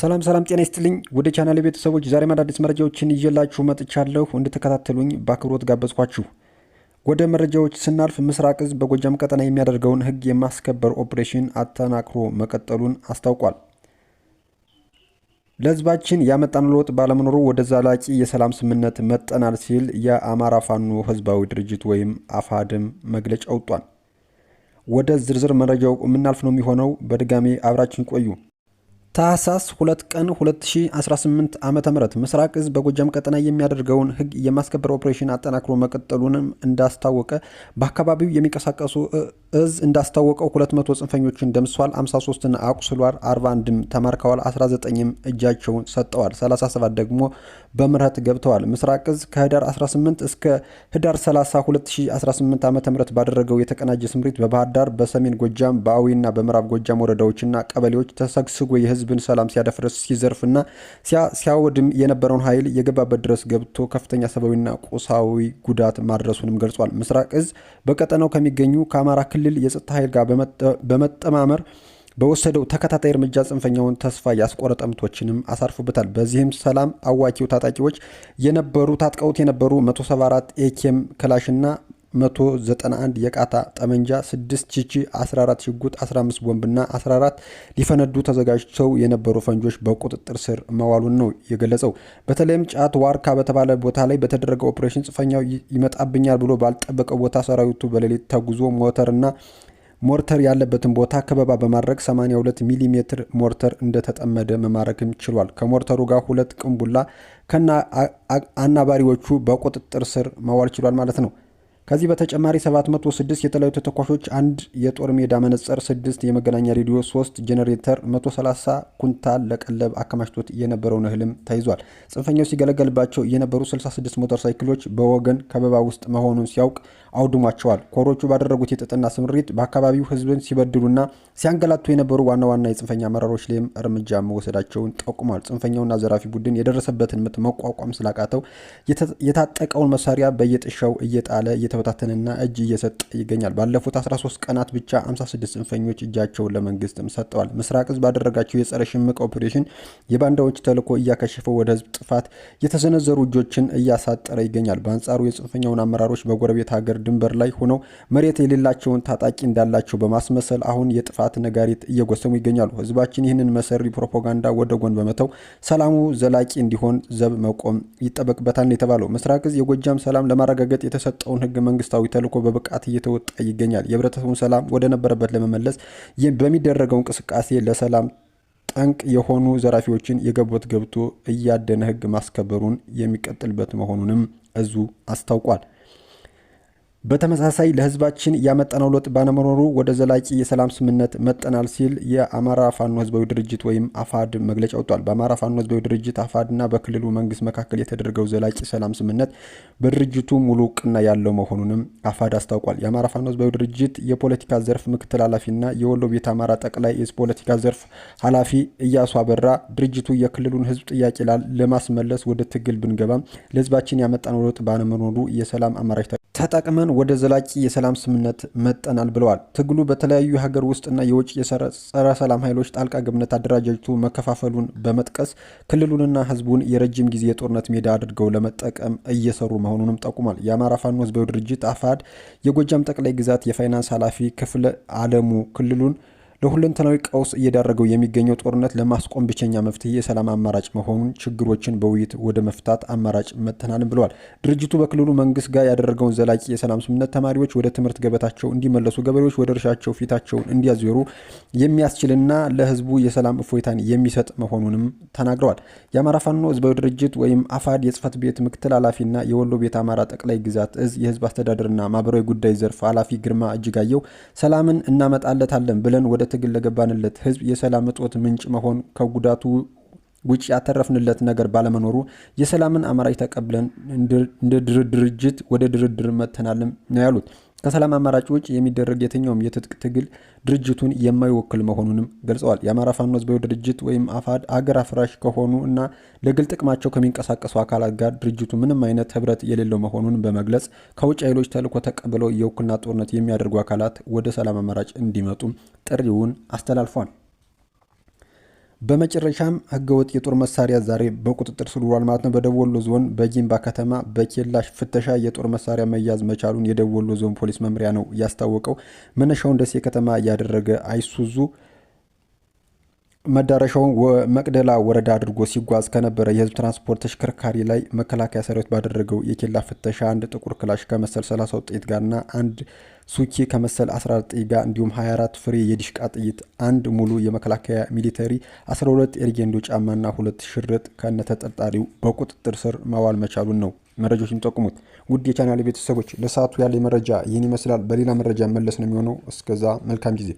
ሰላም ሰላም፣ ጤና ይስጥልኝ ወደ ቻናል ቤተሰቦች፣ ዛሬም አዳዲስ መረጃዎችን ይዤላችሁ መጥቻለሁ። እንድትከታተሉኝ በአክብሮት ጋበዝኳችሁ። ወደ መረጃዎች ስናልፍ ምስራቅ እዝ በጎጃም ቀጠና የሚያደርገውን ሕግ የማስከበር ኦፕሬሽን አጠናክሮ መቀጠሉን አስታውቋል። ለህዝባችን ያመጣን ለውጥ ባለመኖሩ ወደ ዘላቂ የሰላም ስምምነት መጠናል ሲል የአማራ ፋኖ ህዝባዊ ድርጅት ወይም አፋድም መግለጫ አውጧል። ወደ ዝርዝር መረጃው የምናልፍ ነው የሚሆነው። በድጋሚ አብራችን ቆዩ። ታህሳስ 2 ቀን 2018 ም ምስራቅ እዝ በጎጃም ቀጠና የሚያደርገውን ህግ የማስከበር ኦፕሬሽን አጠናክሮ መቀጠሉንም እንዳስታወቀ በአካባቢው የሚንቀሳቀሱ እዝ እንዳስታወቀው 200 ጽንፈኞችን ደምሷል፣ 53ን አቁስሏል፣ 41ም ተማርከዋል፣ 19ም እጃቸውን ሰጥተዋል፣ 37 ደግሞ በምረት ገብተዋል። ምስራቅ እዝ ከህዳር 18 እስከ ህዳር 30 2018 ዓ.ም ባደረገው የተቀናጀ ስምሪት በባህር ዳር፣ በሰሜን ጎጃም፣ በአዊና በምዕራብ ጎጃም ወረዳዎችና ቀበሌዎች ተሰግስጎ የህዝብ የህዝብን ሰላም ሲያደፍርስ፣ ሲዘርፍና ሲያወድም የነበረውን ኃይል የገባበት ድረስ ገብቶ ከፍተኛ ሰብአዊና ቁሳዊ ጉዳት ማድረሱንም ገልጿል። ምስራቅ እዝ በቀጠናው ከሚገኙ ከአማራ ክልል የጸጥታ ኃይል ጋር በመጠማመር በወሰደው ተከታታይ እርምጃ ጽንፈኛውን ተስፋ ያስቆረጠ ምቶችንም አሳርፎበታል። በዚህም ሰላም አዋኪው ታጣቂዎች የነበሩ ታጥቀውት የነበሩ 174 ኤኬም ክላሽና 191 የቃታ ጠመንጃ፣ 6 ቺቺ፣ 14 ሽጉጥ፣ 15 ቦምብና 14 ሊፈነዱ ተዘጋጅተው የነበሩ ፈንጆች በቁጥጥር ስር መዋሉን ነው የገለጸው። በተለይም ጫት ዋርካ በተባለ ቦታ ላይ በተደረገ ኦፕሬሽን ጽንፈኛው ይመጣብኛል ብሎ ባልጠበቀው ቦታ ሰራዊቱ በሌሊት ተጉዞ ሞተርና ሞርተር ያለበትን ቦታ ከበባ በማድረግ 82 ሚሜ ሞርተር እንደተጠመደ መማረክም ችሏል። ከሞርተሩ ጋር ሁለት ቅንቡላ ከና አናባሪዎቹ በቁጥጥር ስር መዋል ችሏል ማለት ነው። ከዚህ በተጨማሪ 706 የተለያዩ ተተኳሾች፣ አንድ የጦር ሜዳ መነጽር፣ 6 የመገናኛ ሬዲዮ፣ 3 ጄኔሬተር፣ 130 ኩንታል ለቀለብ አከማችቶት የነበረውን እህልም ተይዟል። ጽንፈኛው ሲገለገልባቸው የነበሩ 66 ሞተር ሳይክሎች በወገን ከበባ ውስጥ መሆኑን ሲያውቅ አውድሟቸዋል። ኮሮቹ ባደረጉት የጥጥና ስምሪት በአካባቢው ሕዝብን ሲበድሉና ሲያንገላቱ የነበሩ ዋና ዋና የጽንፈኛ አመራሮች ላይም እርምጃ መወሰዳቸውን ጠቁሟል። ጽንፈኛውና ዘራፊ ቡድን የደረሰበትን ምት መቋቋም ስላቃተው የታጠቀውን መሳሪያ በየጥሻው እየጣለ እየተበታተነና እጅ እየሰጠ ይገኛል። ባለፉት 13 ቀናት ብቻ 56 ጽንፈኞች እጃቸውን ለመንግስትም ሰጥተዋል። ምስራቅ እዝ ባደረጋቸው የጸረ ሽምቅ ኦፕሬሽን የባንዳዎች ተልዕኮ እያከሸፈው ወደ ህዝብ ጥፋት የተሰነዘሩ እጆችን እያሳጠረ ይገኛል። በአንጻሩ የጽንፈኛውን አመራሮች በጎረቤት ሀገር ድንበር ላይ ሆነው መሬት የሌላቸውን ታጣቂ እንዳላቸው በማስመሰል አሁን የጥፋት ነጋሪት እየጎሰሙ ይገኛሉ። ህዝባችን ይህንን መሰሪ ፕሮፓጋንዳ ወደ ጎን በመተው ሰላሙ ዘላቂ እንዲሆን ዘብ መቆም ይጠበቅበታል የተባለው ምስራቅ እዝ የጎጃም ሰላም ለማረጋገጥ የተሰጠውን ህግ መንግስታዊ ተልዕኮ በብቃት እየተወጣ ይገኛል። የህብረተሰቡን ሰላም ወደ ነበረበት ለመመለስ በሚደረገው እንቅስቃሴ ለሰላም ጠንቅ የሆኑ ዘራፊዎችን የገቦት ገብቶ እያደነ ህግ ማስከበሩን የሚቀጥልበት መሆኑንም እዙ አስታውቋል። በተመሳሳይ ለህዝባችን ያመጣነው ለውጥ ባለመኖሩ ወደ ዘላቂ የሰላም ስምምነት መጠናል ሲል የአማራ ፋኖ ህዝባዊ ድርጅት ወይም አፋድ መግለጫ ወጥቷል። በአማራ ፋኖ ህዝባዊ ድርጅት አፋድና በክልሉ መንግስት መካከል የተደረገው ዘላቂ ሰላም ስምምነት በድርጅቱ ሙሉ እውቅና ያለው መሆኑንም አፋድ አስታውቋል። የአማራ ፋኖ ህዝባዊ ድርጅት የፖለቲካ ዘርፍ ምክትል ኃላፊና የወሎ ቤት አማራ ጠቅላይ የፖለቲካ ዘርፍ ኃላፊ እያሱ አበራ ድርጅቱ የክልሉን ህዝብ ጥያቄ ለማስመለስ ወደ ትግል ብንገባም ለህዝባችን ያመጣነው ለውጥ ባለመኖሩ የሰላም አማራጭ ተጠቅመን ወደ ዘላቂ የሰላም ስምምነት መጠናል ብለዋል። ትግሉ በተለያዩ የሀገር ውስጥና የውጭ የጸረ ሰላም ኃይሎች ጣልቃ ገብነት አደራጃጅቱ መከፋፈሉን በመጥቀስ ክልሉንና ህዝቡን የረጅም ጊዜ የጦርነት ሜዳ አድርገው ለመጠቀም እየሰሩ መሆኑንም ጠቁሟል። የአማራ ፋኖ ህዝባዊ ድርጅት አፋድ የጎጃም ጠቅላይ ግዛት የፋይናንስ ኃላፊ ክፍለ አለሙ ክልሉን ለሁለንተናዊ ቀውስ እየዳረገው የሚገኘው ጦርነት ለማስቆም ብቸኛ መፍትሄ የሰላም አማራጭ መሆኑን፣ ችግሮችን በውይይት ወደ መፍታት አማራጭ መጥተናልን ብለዋል። ድርጅቱ በክልሉ መንግስት ጋር ያደረገውን ዘላቂ የሰላም ስምምነት ተማሪዎች ወደ ትምህርት ገበታቸው እንዲመለሱ፣ ገበሬዎች ወደ እርሻቸው ፊታቸውን እንዲያዞሩ የሚያስችልና ለህዝቡ የሰላም እፎይታን የሚሰጥ መሆኑንም ተናግረዋል። የአማራ ፋኖ ህዝባዊ ድርጅት ወይም አፋድ የጽህፈት ቤት ምክትል ኃላፊና የወሎ ቤት አማራ ጠቅላይ ግዛት እዝ የህዝብ አስተዳደርና ማህበራዊ ጉዳይ ዘርፍ ኃላፊ ግርማ እጅጋየው ሰላምን እናመጣለታለን ብለን ወደ በትግል ለገባንለት ህዝብ የሰላም እጦት ምንጭ መሆን ከጉዳቱ ውጭ ያተረፍንለት ነገር ባለመኖሩ የሰላምን አማራጭ ተቀብለን እንደ ድርድር ድርጅት ወደ ድርድር መጥተናልም ነው ያሉት። ከሰላም አማራጭ ውጭ የሚደረግ የትኛውም የትጥቅ ትግል ድርጅቱን የማይወክል መሆኑንም ገልጸዋል። የአማራ ፋኖ ህዝባዊ ድርጅት ወይም አፋድ አገር አፍራሽ ከሆኑ እና ለግል ጥቅማቸው ከሚንቀሳቀሱ አካላት ጋር ድርጅቱ ምንም አይነት ህብረት የሌለው መሆኑን በመግለጽ ከውጭ ኃይሎች ተልዕኮ ተቀብለው የውክልና ጦርነት የሚያደርጉ አካላት ወደ ሰላም አማራጭ እንዲመጡ ጥሪውን አስተላልፏል። በመጨረሻም ህገወጥ የጦር መሳሪያ ዛሬ በቁጥጥር ስር ውሏል ማለት ነው። በደቡብ ወሎ ዞን በጂንባ ከተማ በኬላሽ ፍተሻ የጦር መሳሪያ መያዝ መቻሉን የደቡብ ወሎ ዞን ፖሊስ መምሪያ ነው ያስታወቀው። መነሻውን ደሴ ከተማ ያደረገ አይሱዙ መዳረሻውን መቅደላ ወረዳ አድርጎ ሲጓዝ ከነበረ የህዝብ ትራንስፖርት ተሽከርካሪ ላይ መከላከያ ሰራዊት ባደረገው የኬላ ፍተሻ አንድ ጥቁር ክላሽ ከመሰል 30 ውጤት ጋርና አንድ ሱኪ ከመሰል 14 ጋር እንዲሁም 24 ፍሬ የዲሽቃ ጥይት፣ አንድ ሙሉ የመከላከያ ሚሊተሪ፣ 12 ኤርጌንዶ ጫማና ሁለት ሽርጥ ከነተጠርጣሪው በቁጥጥር ስር ማዋል መቻሉን ነው መረጃዎች የሚጠቁሙት። ውድ የቻናል ቤተሰቦች ለሰዓቱ ያለ መረጃ ይህን ይመስላል። በሌላ መረጃ መለስ ነው የሚሆነው። እስከዛ መልካም ጊዜ